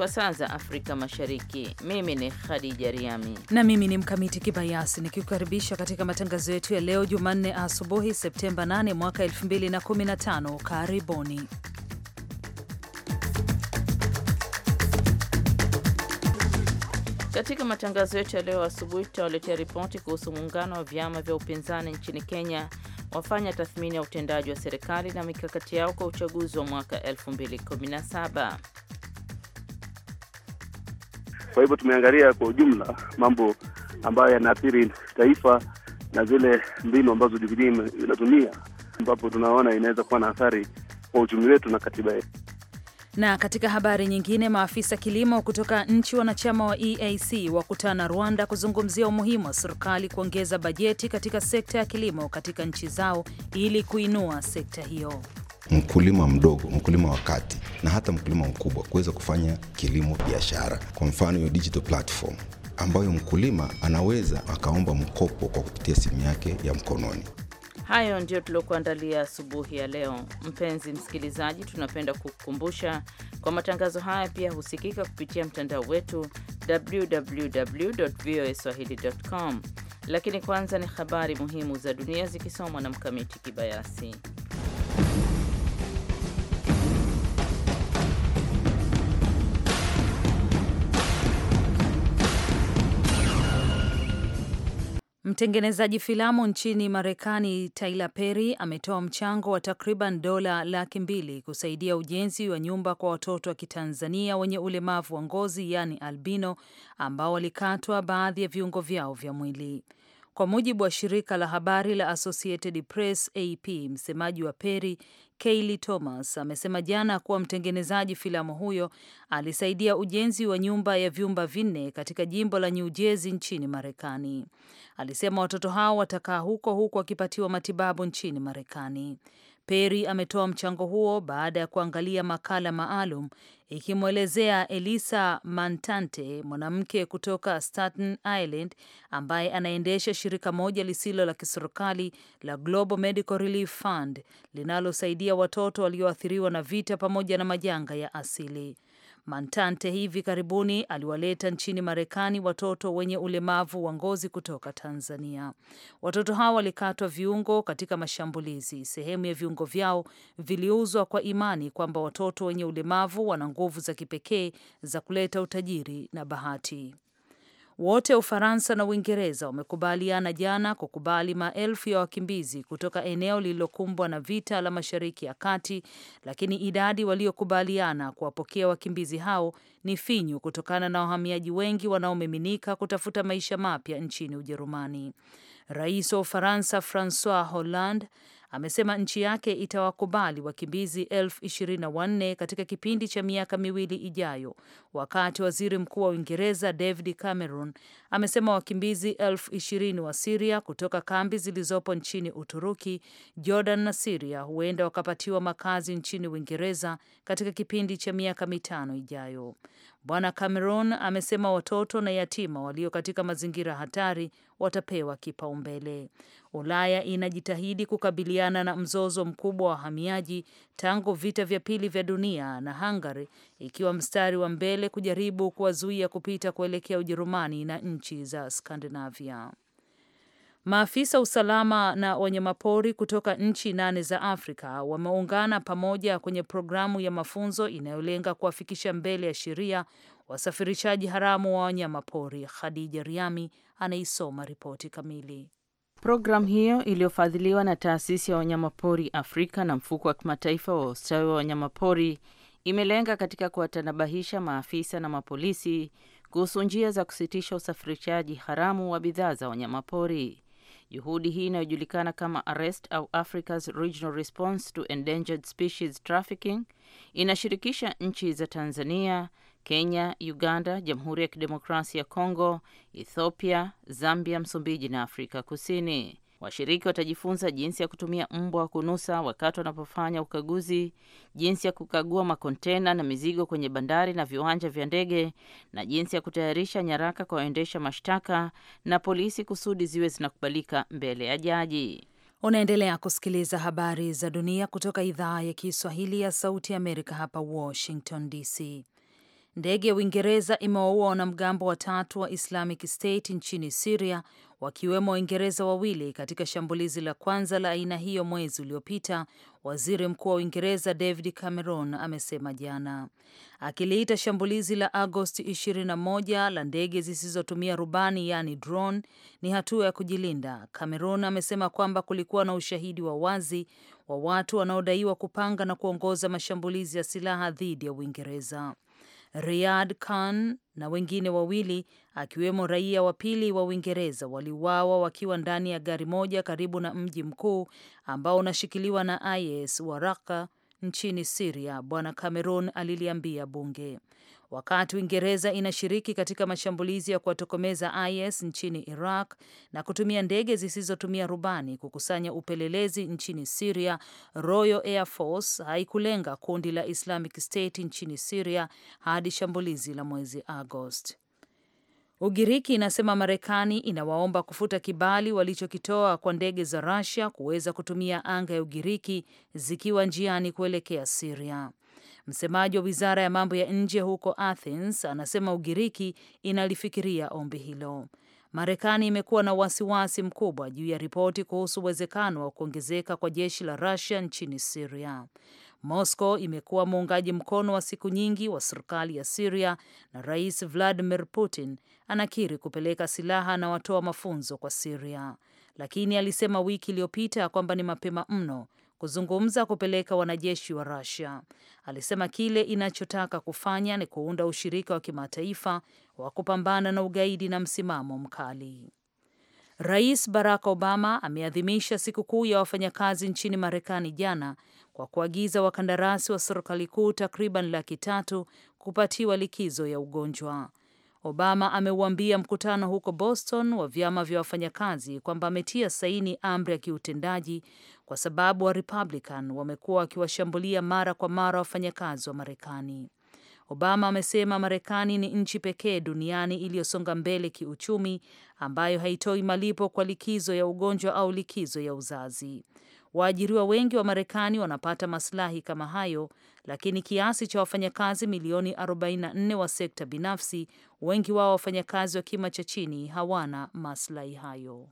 kwa saa za Afrika Mashariki. Mimi ni Khadija Riami na mimi ni Mkamiti Kibayasi nikikukaribisha katika matangazo yetu ya leo Jumanne asubuhi Septemba 8 mwaka 2015. Karibuni. Katika matangazo yetu ya leo asubuhi tutawaletea ripoti kuhusu muungano wa vyama vya upinzani nchini Kenya wafanya tathmini ya utendaji wa serikali na mikakati yao kwa uchaguzi wa mwaka 2017. Kwa hivyo tumeangalia kwa ujumla mambo ambayo yanaathiri taifa na zile mbinu ambazo Jubilee inatumia, ambapo tunaona inaweza kuwa na athari kwa uchumi wetu na katiba yetu. Na katika habari nyingine, maafisa kilimo kutoka nchi wanachama wa EAC wakutana Rwanda kuzungumzia umuhimu wa serikali kuongeza bajeti katika sekta ya kilimo katika nchi zao ili kuinua sekta hiyo mkulima mdogo, mkulima wa kati na hata mkulima mkubwa kuweza kufanya kilimo biashara. Kwa mfano hiyo digital platform ambayo mkulima anaweza akaomba mkopo kwa kupitia simu yake ya mkononi. Hayo ndiyo tuliokuandalia asubuhi ya leo. Mpenzi msikilizaji, tunapenda kukukumbusha kwa matangazo haya pia husikika kupitia mtandao wetu www.voaswahili.com. Lakini kwanza ni habari muhimu za dunia zikisomwa na Mkamiti Kibayasi. Mtengenezaji filamu nchini Marekani Tyler Perry ametoa mchango wa takriban dola laki mbili kusaidia ujenzi wa nyumba kwa watoto wa Kitanzania wenye ulemavu wa ngozi, yaani albino, ambao walikatwa baadhi ya viungo vyao vya mwili. Kwa mujibu wa shirika la habari la Associated Press AP, msemaji wa Perry Kayleigh Thomas amesema jana kuwa mtengenezaji filamu huyo alisaidia ujenzi wa nyumba ya vyumba vinne katika jimbo la New Jersey nchini Marekani. Alisema watoto hao watakaa huko huku wakipatiwa matibabu nchini Marekani. Perry ametoa mchango huo baada ya kuangalia makala maalum ikimwelezea Elisa Mantante, mwanamke kutoka Staten Island ambaye anaendesha shirika moja lisilo la kiserikali la Global Medical Relief Fund linalosaidia watoto walioathiriwa na vita pamoja na majanga ya asili. Mantante hivi karibuni aliwaleta nchini Marekani watoto wenye ulemavu wa ngozi kutoka Tanzania. Watoto hao walikatwa viungo katika mashambulizi. Sehemu ya viungo vyao viliuzwa kwa imani kwamba watoto wenye ulemavu wana nguvu za kipekee za kuleta utajiri na bahati. Wote Ufaransa na Uingereza wamekubaliana jana kukubali maelfu ya wakimbizi kutoka eneo lililokumbwa na vita la Mashariki ya Kati, lakini idadi waliokubaliana kuwapokea wakimbizi hao ni finyu kutokana na wahamiaji wengi wanaomiminika kutafuta maisha mapya nchini Ujerumani. Rais wa Ufaransa Francois Hollande amesema nchi yake itawakubali wakimbizi elfu ishirini na nne katika kipindi cha miaka miwili ijayo, wakati waziri mkuu wa Uingereza David Cameron amesema wakimbizi elfu ishirini wa Siria kutoka kambi zilizopo nchini Uturuki, Jordan na Siria huenda wakapatiwa makazi nchini Uingereza katika kipindi cha miaka mitano ijayo. Bwana Cameron amesema watoto na yatima walio katika mazingira hatari watapewa kipaumbele. Ulaya inajitahidi kukabiliana na mzozo mkubwa wa wahamiaji tangu vita vya pili vya dunia na Hungary ikiwa mstari wa mbele kujaribu kuwazuia kupita kuelekea Ujerumani na nchi za Skandinavia. Maafisa usalama na wanyamapori kutoka nchi nane za Afrika wameungana pamoja kwenye programu ya mafunzo inayolenga kuwafikisha mbele ya sheria wasafirishaji haramu wa wanyamapori. Khadija Riami anaisoma ripoti kamili. Programu hiyo iliyofadhiliwa na taasisi ya wanyamapori Afrika na mfuko wa kimataifa wa ustawi wa wanyamapori imelenga katika kuwatanabahisha maafisa na mapolisi kuhusu njia za kusitisha usafirishaji haramu wa bidhaa za wanyamapori. Juhudi hii inayojulikana kama Arrest au Africa's Regional Response to Endangered Species Trafficking inashirikisha nchi za Tanzania, Kenya, Uganda, Jamhuri ya Kidemokrasia ya Kongo, Ethiopia, Zambia, Msumbiji na Afrika Kusini. Washiriki watajifunza jinsi ya kutumia mbwa wa kunusa wakati wanapofanya ukaguzi, jinsi ya kukagua makontena na mizigo kwenye bandari na viwanja vya ndege, na jinsi ya kutayarisha nyaraka kwa waendesha mashtaka na polisi kusudi ziwe zinakubalika mbele ya jaji. Unaendelea kusikiliza habari za dunia kutoka idhaa ya Kiswahili ya Sauti ya Amerika hapa Washington DC. Ndege ya Uingereza imewaua wanamgambo watatu wa Islamic State nchini Siria, wakiwemo Waingereza wawili katika shambulizi la kwanza la aina hiyo mwezi uliopita, waziri mkuu wa Uingereza David Cameron amesema jana, akiliita shambulizi la Agosti 21 la ndege zisizotumia rubani, yaani drone, ni hatua ya kujilinda. Cameron amesema kwamba kulikuwa na ushahidi wa wazi wa watu wanaodaiwa kupanga na kuongoza mashambulizi ya silaha dhidi ya Uingereza. Riyad Khan na wengine wawili akiwemo raia wa pili wa Uingereza waliuawa wakiwa ndani ya gari moja karibu na mji mkuu ambao unashikiliwa na IS wa Raqqa nchini Syria, Bwana Cameron aliliambia bunge. Wakati Uingereza inashiriki katika mashambulizi ya kuwatokomeza IS nchini Iraq na kutumia ndege zisizotumia rubani kukusanya upelelezi nchini Siria, Royal Air Force haikulenga kundi la Islamic State nchini Siria hadi shambulizi la mwezi Agosti. Ugiriki inasema Marekani inawaomba kufuta kibali walichokitoa kwa ndege za rasia kuweza kutumia anga ya Ugiriki zikiwa njiani kuelekea Siria. Msemaji wa wizara ya mambo ya nje huko Athens anasema Ugiriki inalifikiria ombi hilo. Marekani imekuwa na wasiwasi mkubwa juu ya ripoti kuhusu uwezekano wa kuongezeka kwa jeshi la Rusia nchini Siria. Moscow imekuwa muungaji mkono wa siku nyingi wa serikali ya Siria na Rais Vladimir Putin anakiri kupeleka silaha na watoa mafunzo kwa Siria, lakini alisema wiki iliyopita kwamba ni mapema mno kuzungumza kupeleka wanajeshi wa Russia. Alisema kile inachotaka kufanya ni kuunda ushirika wa kimataifa wa kupambana na ugaidi na msimamo mkali. Rais Barack Obama ameadhimisha sikukuu ya wafanyakazi nchini Marekani jana kwa kuagiza wakandarasi wa serikali kuu takriban laki tatu kupatiwa likizo ya ugonjwa. Obama ameuambia mkutano huko Boston wa vyama vya wafanyakazi kwamba ametia saini amri ya kiutendaji kwa sababu wa Republican wamekuwa wakiwashambulia mara kwa mara wafanyakazi wa Marekani. Obama amesema Marekani ni nchi pekee duniani iliyosonga mbele kiuchumi ambayo haitoi malipo kwa likizo ya ugonjwa au likizo ya uzazi. Waajiriwa wengi wa Marekani wanapata maslahi kama hayo, lakini kiasi cha wafanyakazi milioni 44 wa sekta binafsi, wengi wao wafanyakazi wa kima cha chini, hawana maslahi hayo.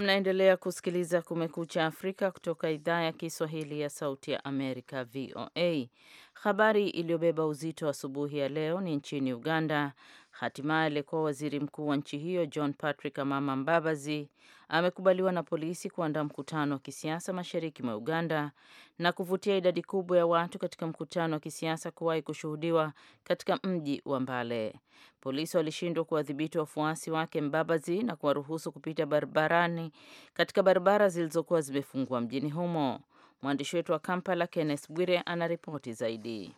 Mnaendelea kusikiliza Kumekucha Afrika kutoka idhaa ya Kiswahili ya Sauti ya Amerika, VOA. Habari iliyobeba uzito asubuhi ya leo ni nchini Uganda Hatimaye aliyekuwa waziri mkuu wa nchi hiyo John Patrick Amama Mbabazi amekubaliwa na polisi kuandaa mkutano wa kisiasa mashariki mwa Uganda na kuvutia idadi kubwa ya watu katika mkutano wa kisiasa kuwahi kushuhudiwa katika mji wa Mbale. Polisi walishindwa kuwadhibiti wafuasi wake Mbabazi na kuwaruhusu kupita barabarani katika barabara zilizokuwa zimefungwa mjini humo. Mwandishi wetu wa Kampala Kenneth Bwire anaripoti zaidi.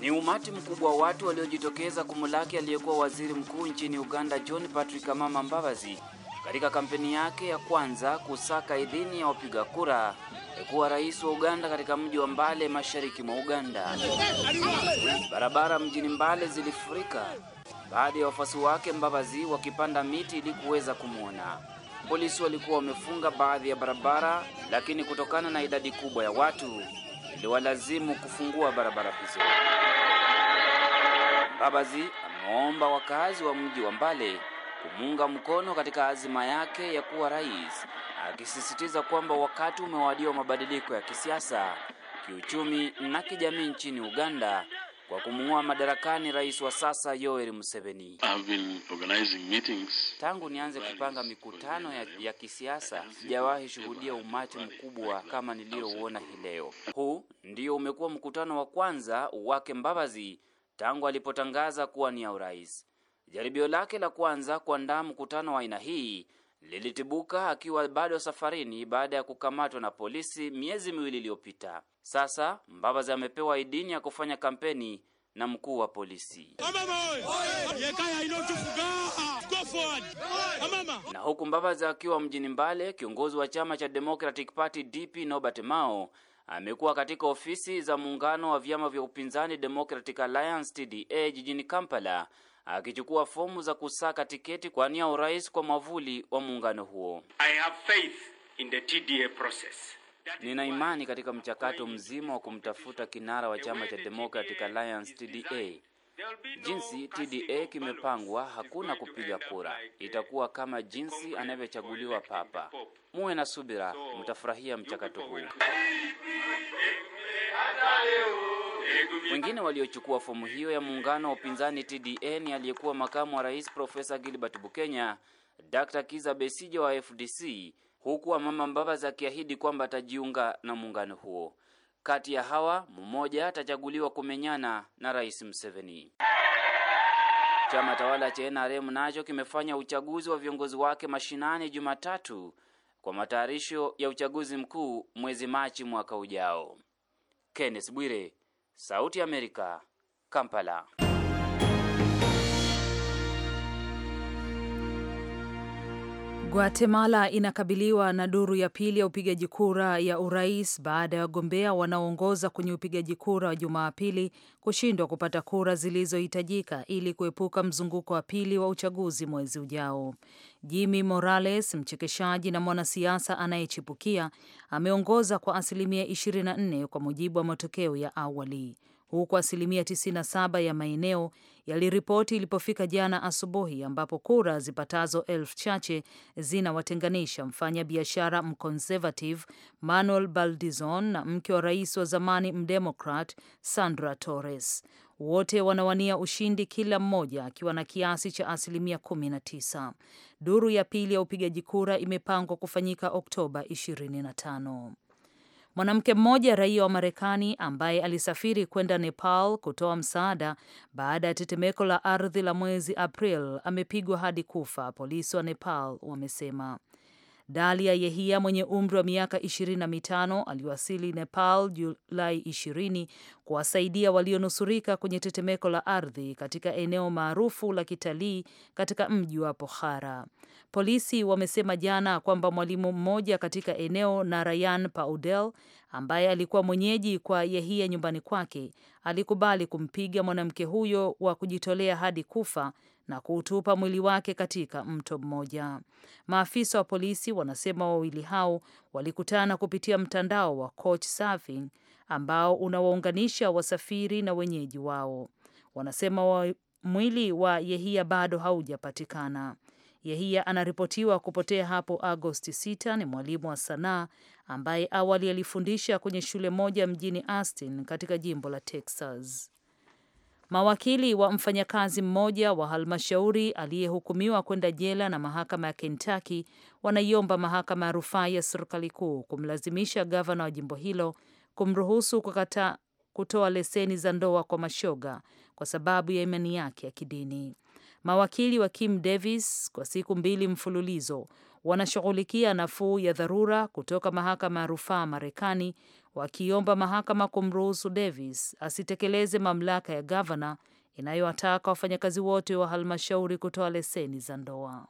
Ni umati mkubwa wa watu waliojitokeza kumulaki aliyekuwa waziri mkuu nchini Uganda John Patrick Amama Mbabazi katika kampeni yake ya kwanza kusaka idhini ya wapiga kura kuwa rais wa Uganda katika mji wa Mbale mashariki mwa Uganda. Barabara mjini Mbale zilifurika baada ya wafuasi wake Mbabazi wakipanda miti ili kuweza kumwona. Polisi walikuwa wamefunga baadhi ya barabara, lakini kutokana na idadi kubwa ya watu iliwalazimu kufungua barabara hizo. Mbabazi ameomba wakazi wa mji wa Mbale kumunga mkono katika azima yake ya kuwa rais, akisisitiza kwamba wakati umewadia mabadiliko ya kisiasa, kiuchumi na kijamii nchini Uganda kwa kumuua madarakani rais wa sasa Yoweri Museveni. Tangu nianze kupanga mikutano ya, ya kisiasa sijawahi shuhudia umati mkubwa kama niliyouona hii leo. Huu ndio umekuwa mkutano wa kwanza wake Mbabazi tangu alipotangaza kuwa ni ya urais. Jaribio lake la kwanza kuandaa mkutano wa aina hii lilitibuka akiwa bado safarini baada ya kukamatwa na polisi miezi miwili iliyopita. Sasa Mbabazi amepewa idini ya kufanya kampeni na mkuu wa polisi. Na huku Mbabazi akiwa mjini Mbale, kiongozi wa chama cha Democratic Party DP Nobert Mao amekuwa katika ofisi za muungano wa vyama vya upinzani Democratic Alliance TDA jijini Kampala akichukua fomu za kusaka tiketi kwa nia urais kwa mwavuli wa muungano huo. I have faith in the TDA process. Nina imani katika mchakato mzima wa kumtafuta kinara wa chama cha Democratic Alliance TDA. Jinsi TDA kimepangwa, hakuna kupiga kura, eh, itakuwa kama jinsi anavyochaguliwa papa. Muwe na subira, mtafurahia mchakato huu. Wengine waliochukua fomu hiyo ya muungano wa upinzani TDA ni aliyekuwa makamu wa rais Profesa Gilbert Bukenya, Dr. Kiza Besije wa FDC, huku wa mama Mbabazi akiahidi kwamba atajiunga na muungano huo. Kati ya hawa mmoja atachaguliwa kumenyana na Rais Museveni. Chama tawala cha NRM nacho kimefanya uchaguzi wa viongozi wake mashinani Jumatatu kwa matayarisho ya uchaguzi mkuu mwezi Machi mwaka ujao. Kenneth Bwire, Sauti ya Amerika, Kampala. Guatemala inakabiliwa na duru ya pili ya upigaji kura ya urais baada ya wagombea wanaoongoza kwenye upigaji kura wa Jumapili kushindwa kupata kura zilizohitajika ili kuepuka mzunguko wa pili wa uchaguzi mwezi ujao. Jimmy Morales, mchekeshaji na mwanasiasa anayechipukia, ameongoza kwa asilimia 24 kwa mujibu wa matokeo ya awali huku asilimia 97 ya maeneo yaliripoti ilipofika jana asubuhi, ambapo kura zipatazo elfu chache zinawatenganisha mfanya biashara mconservative Manuel Baldizon na mke wa rais wa zamani mdemokrat Sandra Torres. Wote wanawania ushindi, kila mmoja akiwa na kiasi cha asilimia kumi na tisa. Duru ya pili ya upigaji kura imepangwa kufanyika Oktoba 25. Mwanamke mmoja raia wa Marekani ambaye alisafiri kwenda Nepal kutoa msaada baada ya tetemeko la ardhi la mwezi April amepigwa hadi kufa, polisi wa Nepal wamesema. Dalia Yehia mwenye umri wa miaka ishirini na mitano aliwasili Nepal Julai ishirini kuwasaidia walionusurika kwenye tetemeko la ardhi katika eneo maarufu la kitalii katika mji wa Pokhara. Polisi wamesema jana kwamba mwalimu mmoja katika eneo na rayan Paudel ambaye alikuwa mwenyeji kwa Yehia nyumbani kwake alikubali kumpiga mwanamke huyo wa kujitolea hadi kufa na kuutupa mwili wake katika mto mmoja. Maafisa wa polisi wanasema wawili hao walikutana kupitia mtandao wa Couch Surfing ambao unawaunganisha wasafiri na wenyeji wao. Wanasema wa mwili wa Yehia bado haujapatikana. Yehia anaripotiwa kupotea hapo Agosti 6. Ni mwalimu wa sanaa ambaye awali alifundisha kwenye shule moja mjini Austin katika jimbo la Texas. Mawakili wa mfanyakazi mmoja wa halmashauri aliyehukumiwa kwenda jela na mahakama ya Kentucky wanaiomba mahakama ya rufaa ya serikali kuu kumlazimisha gavana wa jimbo hilo kumruhusu kukata kutoa leseni za ndoa kwa mashoga kwa sababu ya imani yake ya kidini. Mawakili wa Kim Davis kwa siku mbili mfululizo wanashughulikia nafuu ya dharura kutoka mahakama ya rufaa Marekani wakiomba mahakama kumruhusu Davis asitekeleze mamlaka ya gavana inayowataka wafanyakazi wote wa halmashauri kutoa leseni za ndoa.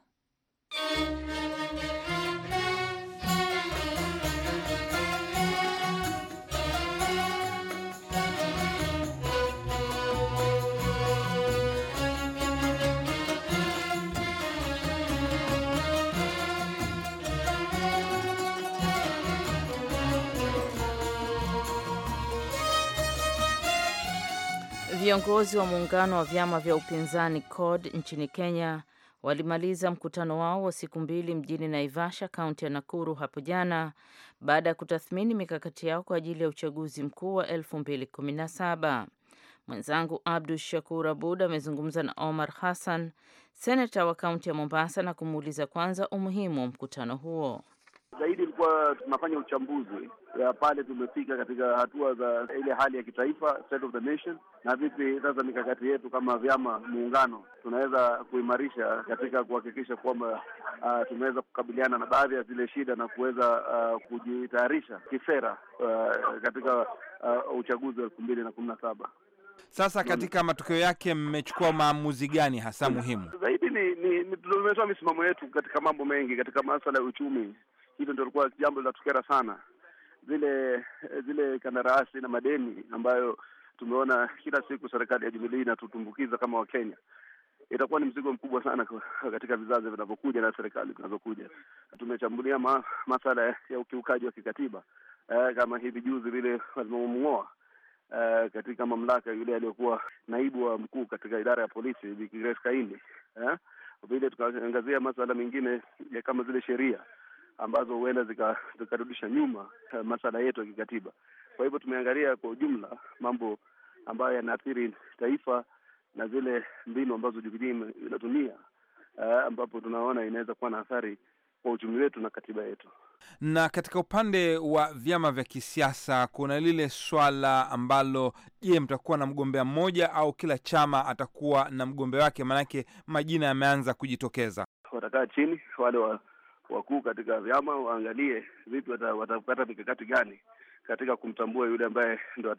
Viongozi wa muungano wa vyama vya upinzani CORD nchini Kenya walimaliza mkutano wao wa siku mbili mjini Naivasha, kaunti ya Nakuru hapo jana baada ya kutathmini mikakati yao kwa ajili ya uchaguzi mkuu wa 2017. Mwenzangu Abdu Shakur Abud amezungumza na Omar Hassan, seneta wa kaunti ya Mombasa, na kumuuliza kwanza umuhimu wa mkutano huo. Zaidi ilikuwa tunafanya uchambuzi ya pale tumefika katika hatua za ile hali ya kitaifa, state of the nation, na vipi sasa mikakati yetu kama vyama muungano tunaweza kuimarisha katika kuhakikisha kwamba uh, tumeweza kukabiliana na baadhi ya zile shida na kuweza uh, kujitayarisha kisera uh, katika uh, uchaguzi wa elfu mbili na kumi na saba. Sasa katika matokeo yake mmechukua maamuzi gani hasa muhimu zaidi? Ni, ni, ni tumetoa misimamo yetu katika mambo mengi, katika masuala ya uchumi hilo ndio likuwa jambo linatukera sana, zile eh, zile kandarasi na madeni ambayo tumeona kila siku serikali ya Jubilee inatutumbukiza kama Wakenya itakuwa ni mzigo mkubwa sana katika vizazi vinavyokuja na serikali zinazokuja. Tumechambulia ma, masala ya ukiukaji wa kikatiba eh, kama hivi juzi vile walivyomng'oa eh, katika mamlaka yule aliyokuwa naibu wa mkuu katika idara ya polisi Bi Grace Kaindi eh, vile tukaangazia masala mengine kama zile sheria ambazo huenda zikarudisha zika nyuma eh, masala yetu ya kikatiba. Kwa hivyo tumeangalia kwa ujumla mambo ambayo yanaathiri taifa na zile mbinu ambazo Jubilee inatumia uh, ambapo tunaona inaweza kuwa na athari kwa uchumi wetu na katiba yetu. Na katika upande wa vyama vya kisiasa kuna lile swala ambalo, je, mtakuwa na mgombea mmoja au kila chama atakuwa na mgombea wake? Maanake majina yameanza kujitokeza. Watakaa chini wale wa wakuu katika vyama waangalie vipi watapata mikakati gani katika kumtambua yule ambaye ndo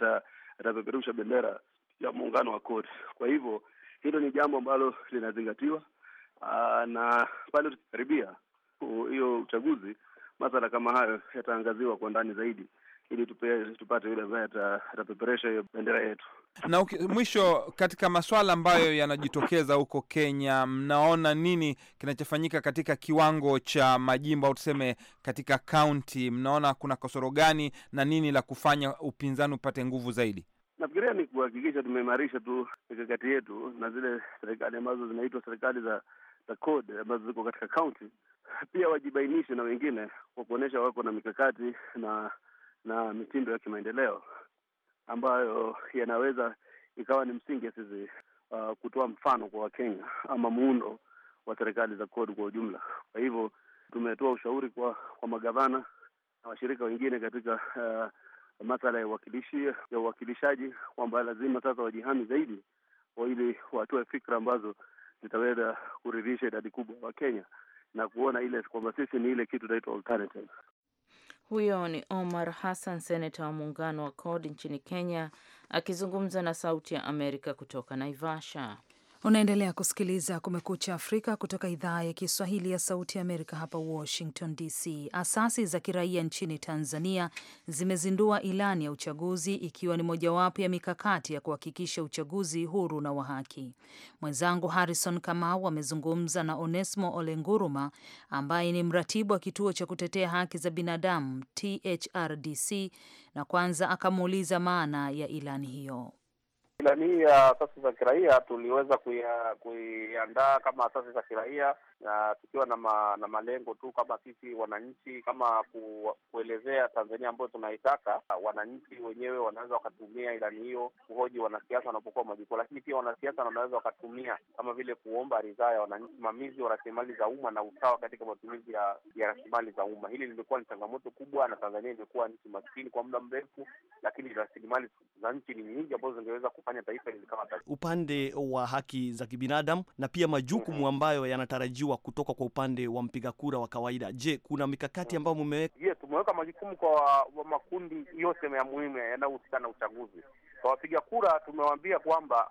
atapeperusha bendera ya muungano wa koti. Kwa hivyo hilo ni jambo ambalo linazingatiwa aa, na pale tukikaribia hiyo uchaguzi, masala kama hayo yataangaziwa kwa ndani zaidi, ili tupate yule ambaye atapeperesha hiyo bendera yetu. Na uki, mwisho katika masuala ambayo yanajitokeza huko Kenya, mnaona nini kinachofanyika katika kiwango cha majimbo au tuseme katika kaunti? Mnaona kuna kasoro gani na nini la kufanya upinzani upate nguvu zaidi? Nafikiria ni kuhakikisha tumeimarisha tu mikakati yetu na zile serikali ambazo zinaitwa serikali za za code ambazo ziko katika kaunti, pia wajibainishe na wengine kwa kuonyesha wako na mikakati na na mitindo ya kimaendeleo ambayo yanaweza ikawa ni msingi sisi uh, kutoa mfano kwa Wakenya ama muundo wa serikali za kodi kwa ujumla. Kwa hivyo tumetoa ushauri kwa kwa magavana na washirika wengine katika uh, masala ya uwakilishi ya uwakilishaji kwamba lazima sasa wajihami zaidi ili watoe fikra ambazo zitaweza kuridhisha idadi kubwa ya Wakenya na kuona ile kwamba sisi ni ile kitu inaitwa alternative. Huyo ni Omar Hassan, seneta wa muungano wa CORD nchini Kenya, akizungumza na Sauti ya Amerika kutoka Naivasha. Unaendelea kusikiliza Kumekucha Afrika kutoka idhaa ya Kiswahili ya Sauti ya Amerika, hapa Washington DC. Asasi za kiraia nchini Tanzania zimezindua ilani ya uchaguzi ikiwa ni mojawapo ya mikakati ya kuhakikisha uchaguzi huru na wa haki. Mwenzangu Harrison Kamau amezungumza na Onesmo Olenguruma ambaye ni mratibu wa kituo cha kutetea haki za binadamu THRDC, na kwanza akamuuliza maana ya ilani hiyo. Ilani hii ya asasi za kiraia tuliweza kuiandaa kama asasi za kiraia na tukiwa na, ma, na malengo tu kama sisi wananchi kama ku, kuelezea Tanzania ambayo tunaitaka. Wananchi wenyewe wanaweza wakatumia ilani hiyo kuhoji wanasiasa wanapokuwa majukwaa, lakini pia wanasiasa wanaweza wakatumia kama vile kuomba ridhaa ya wananchi, usimamizi wa rasilimali za umma na usawa katika matumizi ya, ya rasilimali za umma. Hili limekuwa ni changamoto kubwa, na Tanzania imekuwa nchi maskini kwa muda mrefu, lakini ingeweza kufanya taifa hili kama taifa, upande wa haki za kibinadamu na pia majukumu mm -hmm. ambayo yanatarajiwa kutoka kwa upande wa mpiga kura wa kawaida. Je, kuna mikakati mhm. ambayo mumeweka? Je, tumeweka majukumu kwa makundi yote ya muhimu yanayohusika na uchaguzi. Kwa wapiga kura tumewaambia kwamba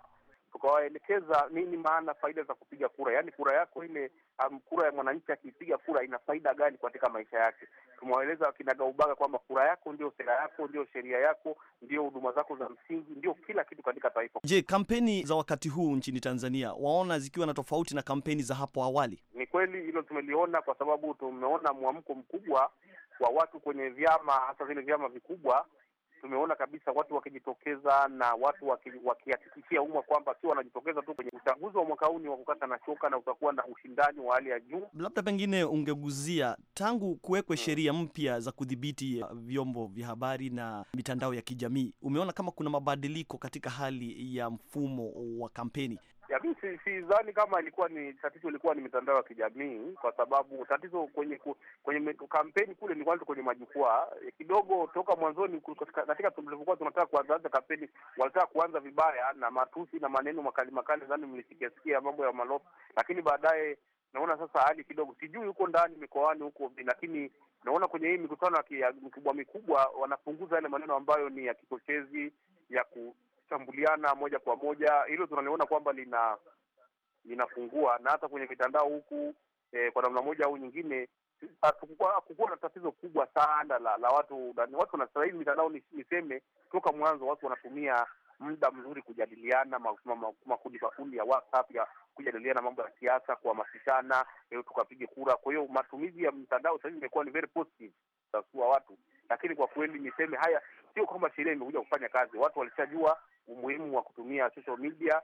tukawaelekeza nini maana faida za kupiga kura, yaani kura yako ile, um, kura ya mwananchi akiipiga kura ina faida gani katika maisha yake. Tumewaeleza kinagaubaga kwamba kura yako ndio sera yako, ndio sheria yako, ndio huduma zako za msingi, ndio kila kitu katika taifa. Je, kampeni za wakati huu nchini Tanzania waona zikiwa na tofauti na kampeni za hapo awali? Ni kweli hilo, tumeliona kwa sababu tumeona mwamko mkubwa wa watu kwenye vyama, hasa vile vyama vikubwa tumeona kabisa watu wakijitokeza na watu wakihakikishia umma kwamba sio wanajitokeza tu kwenye uchaguzi wa mwaka huu ni wa kukata na shoka, na utakuwa na ushindani wa hali ya juu. Labda pengine ungeguzia tangu kuwekwe hmm, sheria mpya za kudhibiti eh, vyombo vya habari na mitandao ya kijamii, umeona kama kuna mabadiliko katika hali ya mfumo wa kampeni ya mi sidhani kama ilikuwa ni tatizo, ilikuwa ni mitandao ya kijamii, kwa sababu tatizo kwenye ku, kwenye kampeni kule ni kwanza kwenye majukwaa eh, kidogo. Toka mwanzoni katika tulivyokuwa tunataka kuanza kampeni, walitaka kuanza vibaya na matusi na maneno makali makali, zani mlisikasikia mambo ya malofu, lakini baadaye naona sasa hali kidogo, sijui huko ndani mikoani huko, lakini naona kwenye hii mikutano ya mikubwa mikubwa wanapunguza yale maneno ambayo ni ya kichochezi ya ku kushambuliana moja kwa moja. Hilo tunaliona kwamba lina linafungua na hata kwenye mitandao huku eh, kwa namna moja au nyingine hakukuwa na tatizo kubwa sana la la watu watu na sasa hivi mitandao niseme, toka mwanzo watu wanatumia muda mzuri kujadiliana makundi makundi ya WhatsApp ya kujadiliana mambo ya siasa, kuhamasishana eh, tukapige kura. Kwa hiyo matumizi ya mtandao sasa hivi imekuwa ni very positive sasa watu, lakini kwa kweli niseme haya, sio kwamba sheria imekuja kufanya kazi, watu walishajua umuhimu wa kutumia social media.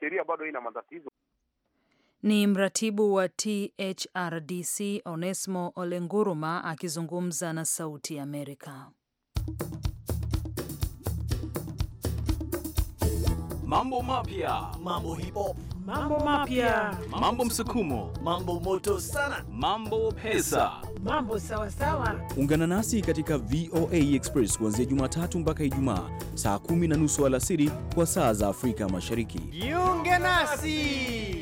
Sheria bado ina matatizo. Ni mratibu wa THRDC Onesmo Olenguruma akizungumza na Sauti ya Amerika. Mambo mapya, mambo hip hop, mambo mapya, mambo msukumo, mambo moto sana, mambo pesa mambo sawa sawa. Ungana nasi katika VOA Express kuanzia Jumatatu mpaka Ijumaa saa kumi na nusu alasiri kwa saa za Afrika Mashariki. Jiunge nasi.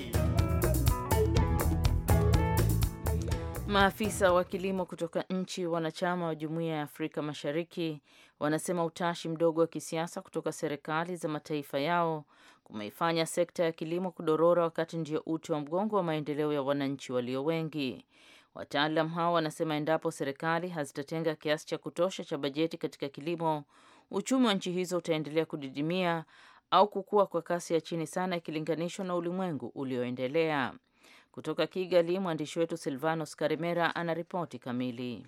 Maafisa wa kilimo kutoka nchi wanachama wa Jumuiya ya Afrika Mashariki wanasema utashi mdogo wa kisiasa kutoka serikali za mataifa yao kumeifanya sekta ya kilimo kudorora, wakati ndio uti wa mgongo wa maendeleo ya wananchi walio wengi. Wataalam hao wanasema endapo serikali hazitatenga kiasi cha kutosha cha bajeti katika kilimo, uchumi wa nchi hizo utaendelea kudidimia au kukua kwa kasi ya chini sana ikilinganishwa na ulimwengu ulioendelea. Kutoka Kigali, mwandishi wetu Silvanos Karimera ana ripoti kamili.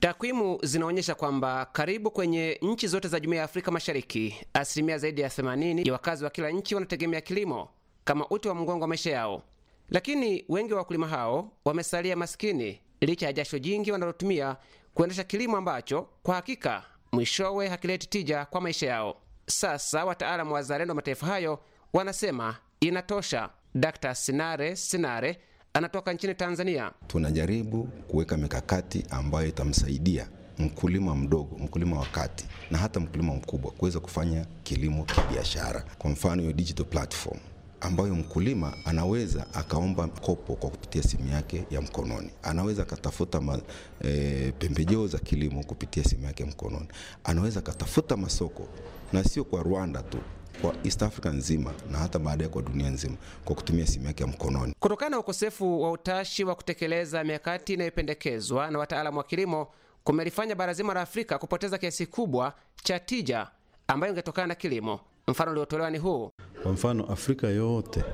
Takwimu zinaonyesha kwamba karibu kwenye nchi zote za Jumuiya ya Afrika Mashariki, asilimia zaidi ya 80 ya wakazi wa kila nchi wanategemea kilimo kama uti wa mgongo wa maisha yao lakini wengi wa wakulima hao wamesalia masikini licha ya jasho jingi wanalotumia kuendesha kilimo ambacho kwa hakika mwishowe hakileti tija kwa maisha yao. Sasa wataalamu zalendo wa mataifa hayo wanasema inatosha. Dr. Sinare Sinare anatoka nchini Tanzania. Tunajaribu kuweka mikakati ambayo itamsaidia mkulima mdogo, mkulima wa kati na hata mkulima mkubwa kuweza kufanya kilimo kibiashara, kwa mfano hiyo digital platform ambayo mkulima anaweza akaomba mkopo kwa kupitia simu yake ya mkononi, anaweza akatafuta e, pembejeo za kilimo kupitia simu yake ya mkononi, anaweza akatafuta masoko na sio kwa Rwanda tu kwa East Africa nzima na hata baadaye kwa dunia nzima kwa kutumia simu yake ya mkononi. Kutokana na ukosefu wa utashi wa kutekeleza mikakati inayopendekezwa na wataalamu wa kilimo, kumelifanya bara zima la Afrika kupoteza kiasi kubwa cha tija ambayo ingetokana na kilimo. Mfano uliotolewa ni huu. Kwa mfano, Afrika yote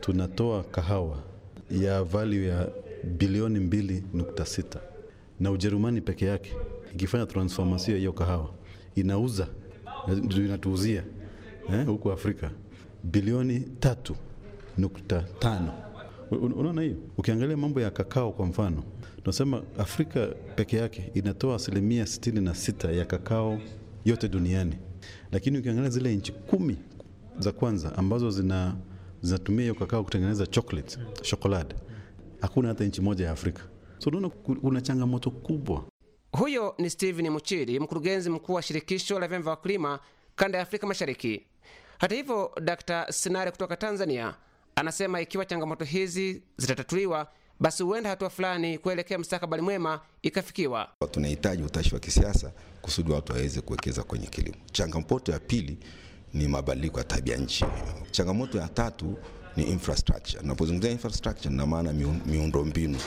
tunatoa kahawa ya value ya bilioni 2.6 na Ujerumani peke yake ikifanya transformation hiyo kahawa inauza inatuuzia eh, huku Afrika bilioni tatu nukta tano. Unaona hiyo, ukiangalia mambo ya kakao kwa mfano, tunasema Afrika peke yake inatoa asilimia sitini na sita ya kakao yote duniani. Lakini ukiangalia zile nchi kumi za kwanza ambazo zina zinatumia hiyo kakao kutengeneza chocolate, chocolate, hakuna hata nchi moja ya Afrika. So unaona kuna changamoto kubwa. Huyo ni Steven Muchiri, mkurugenzi mkuu wa shirikisho la vyama vya wakulima kanda ya Afrika Mashariki. Hata hivyo, Dr. Sinare kutoka Tanzania anasema ikiwa changamoto hizi zitatatuliwa basi huenda hatua fulani kuelekea mstakabali mwema ikafikiwa. Tunahitaji utashi wa kisiasa kusudi watu waweze kuwekeza kwenye kilimo. Changamoto ya pili ni mabadiliko ya tabia nchi. Changamoto ya tatu ni infrastructure. Napozungumzia infrastructure, na maana miundombinu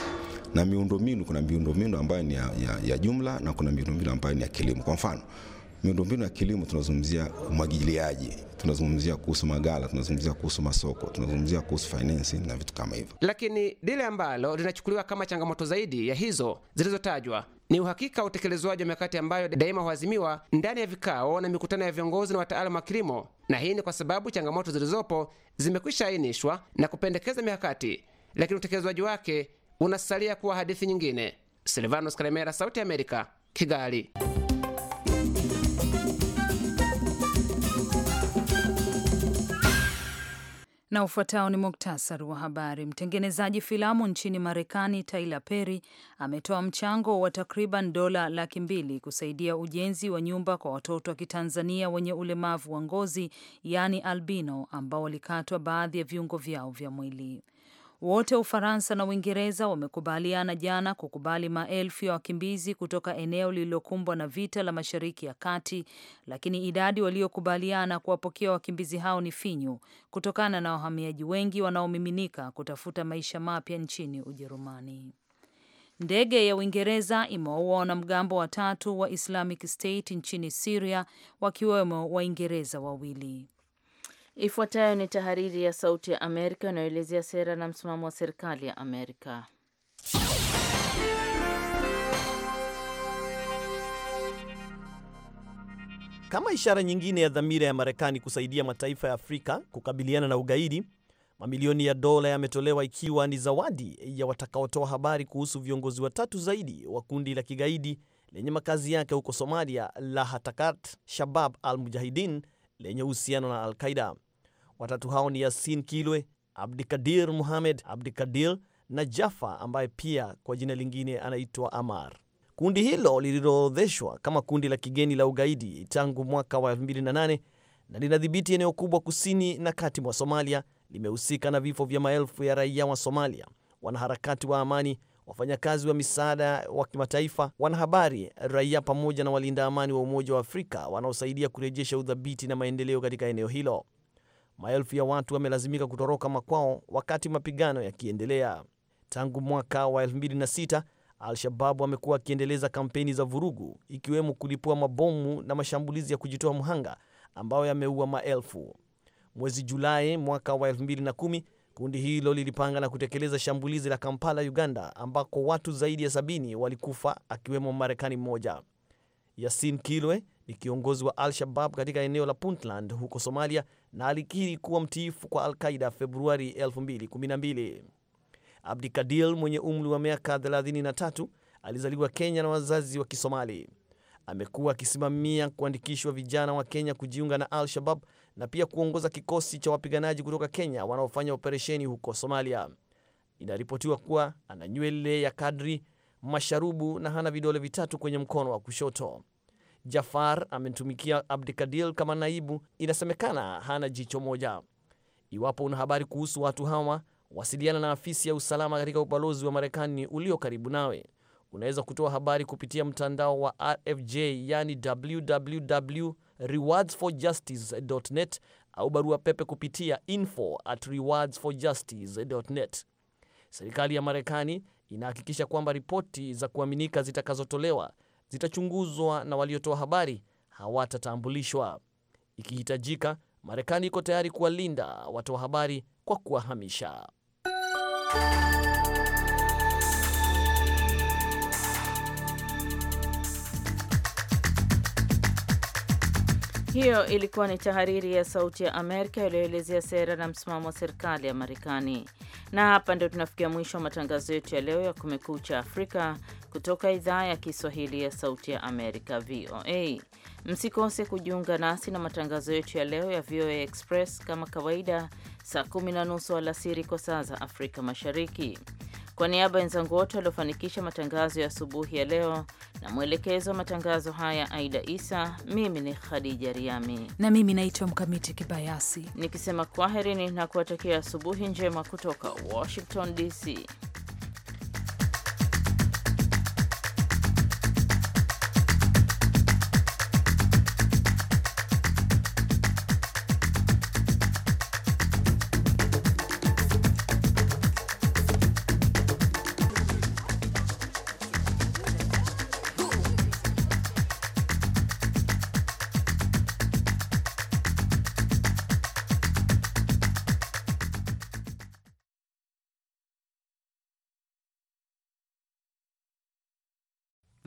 na miundombinu, kuna miundombinu ambayo ni ya, ya, ya jumla na kuna miundombinu ambayo ni ya kilimo. Kwa mfano Miundombinu ya kilimo tunazungumzia umwagiliaji, tunazungumzia kuhusu magala, tunazungumzia kuhusu masoko, tunazungumzia kuhusu financing na vitu kama hivyo. Lakini lile ambalo linachukuliwa kama changamoto zaidi ya hizo zilizotajwa ni uhakika wa utekelezwaji wa mikakati ambayo daima huazimiwa ndani ya vikao na mikutano ya viongozi na wataalamu wa kilimo, na hii ni kwa sababu changamoto zilizopo zimekwisha ainishwa na kupendekeza mikakati, lakini utekelezwaji wake unasalia kuwa hadithi nyingine. Silvanos Karemera, Sauti ya Amerika, Kigali. Na ufuatao ni muktasari wa habari. Mtengenezaji filamu nchini Marekani Tyler Perry ametoa mchango wa takriban dola laki mbili kusaidia ujenzi wa nyumba kwa watoto wa Kitanzania wenye ulemavu wa ngozi, yaani albino, ambao walikatwa baadhi ya viungo vyao vya mwili. Wote Ufaransa na Uingereza wamekubaliana jana kukubali maelfu ya wakimbizi kutoka eneo lililokumbwa na vita la Mashariki ya Kati, lakini idadi waliokubaliana kuwapokea wakimbizi hao ni finyu kutokana na wahamiaji wengi wanaomiminika kutafuta maisha mapya nchini Ujerumani. Ndege ya Uingereza imewaua wanamgambo watatu wa Islamic State nchini Siria, wakiwemo Waingereza wawili. Ifuatayo ni tahariri ya Sauti ya Amerika inayoelezea sera na msimamo wa serikali ya Amerika. Kama ishara nyingine ya dhamira ya Marekani kusaidia mataifa ya Afrika kukabiliana na ugaidi, mamilioni ya dola yametolewa ikiwa ni zawadi ya watakaotoa habari kuhusu viongozi watatu zaidi wa kundi la kigaidi lenye makazi yake huko Somalia la Hatakat Shabab al Mujahidin lenye uhusiano na Al Qaida. Watatu hao ni Yasin Kilwe, Abdikadir Muhamed Abdikadir na Jafa ambaye pia kwa jina lingine anaitwa Amar. Kundi hilo lililoorodheshwa kama kundi la kigeni la ugaidi tangu mwaka wa 2008 na linadhibiti eneo kubwa kusini na kati mwa Somalia, limehusika na vifo vya maelfu ya raia wa Somalia, wanaharakati wa amani, wafanyakazi wa misaada wa kimataifa, wanahabari, raia pamoja na walinda amani wa Umoja wa Afrika wanaosaidia kurejesha udhabiti na maendeleo katika eneo hilo. Maelfu ya watu wamelazimika kutoroka makwao wakati mapigano yakiendelea. Tangu mwaka wa 2006 Al-Shababu amekuwa akiendeleza kampeni za vurugu, ikiwemo kulipua mabomu na mashambulizi ya kujitoa mhanga ambayo yameua maelfu. Mwezi Julai mwaka wa 2010 kundi hilo lilipanga na kutekeleza shambulizi la Kampala, Uganda, ambako watu zaidi ya sabini walikufa akiwemo Marekani mmoja. Yasin Kilwe ni kiongozi wa Al-Shabab katika eneo la Puntland huko Somalia na alikiri kuwa mtiifu kwa alqaida Februari 2012. abdikadil mwenye umri wa miaka 33 alizaliwa Kenya na wazazi wa Kisomali. Amekuwa akisimamia kuandikishwa vijana wa Kenya kujiunga na Al-Shabab na pia kuongoza kikosi cha wapiganaji kutoka Kenya wanaofanya operesheni huko Somalia. Inaripotiwa kuwa ana nywele ya kadri, masharubu na hana vidole vitatu kwenye mkono wa kushoto. Jafar ametumikia Abdikadir kama naibu, inasemekana hana jicho moja. Iwapo una habari kuhusu watu hawa, wasiliana na afisi ya usalama katika ubalozi wa Marekani ulio karibu nawe. Unaweza kutoa habari kupitia mtandao wa RFJ, yani www au barua pepe kupitia info at Serikali ya Marekani inahakikisha kwamba ripoti za kuaminika zitakazotolewa zitachunguzwa na waliotoa habari hawatatambulishwa. Ikihitajika, Marekani iko tayari kuwalinda watoa habari kwa kuwahamisha. Hiyo ilikuwa ni tahariri ya Sauti ya Amerika iliyoelezea sera na msimamo wa serikali ya Marekani. Na hapa ndio tunafikia mwisho wa matangazo yetu ya leo ya Kumekucha Afrika kutoka idhaa ya Kiswahili ya Sauti ya Amerika, VOA. Msikose kujiunga nasi na matangazo yetu ya leo ya VOA Express kama kawaida, saa kumi na nusu alasiri kwa saa za Afrika Mashariki. Kwa niaba ya wenzangu wote waliofanikisha matangazo ya asubuhi ya leo na mwelekezo wa matangazo haya Aida Isa, mimi ni Khadija Riami na mimi naitwa Mkamiti Kibayasi nikisema kwaherini na kuwatakia asubuhi njema kutoka Washington DC.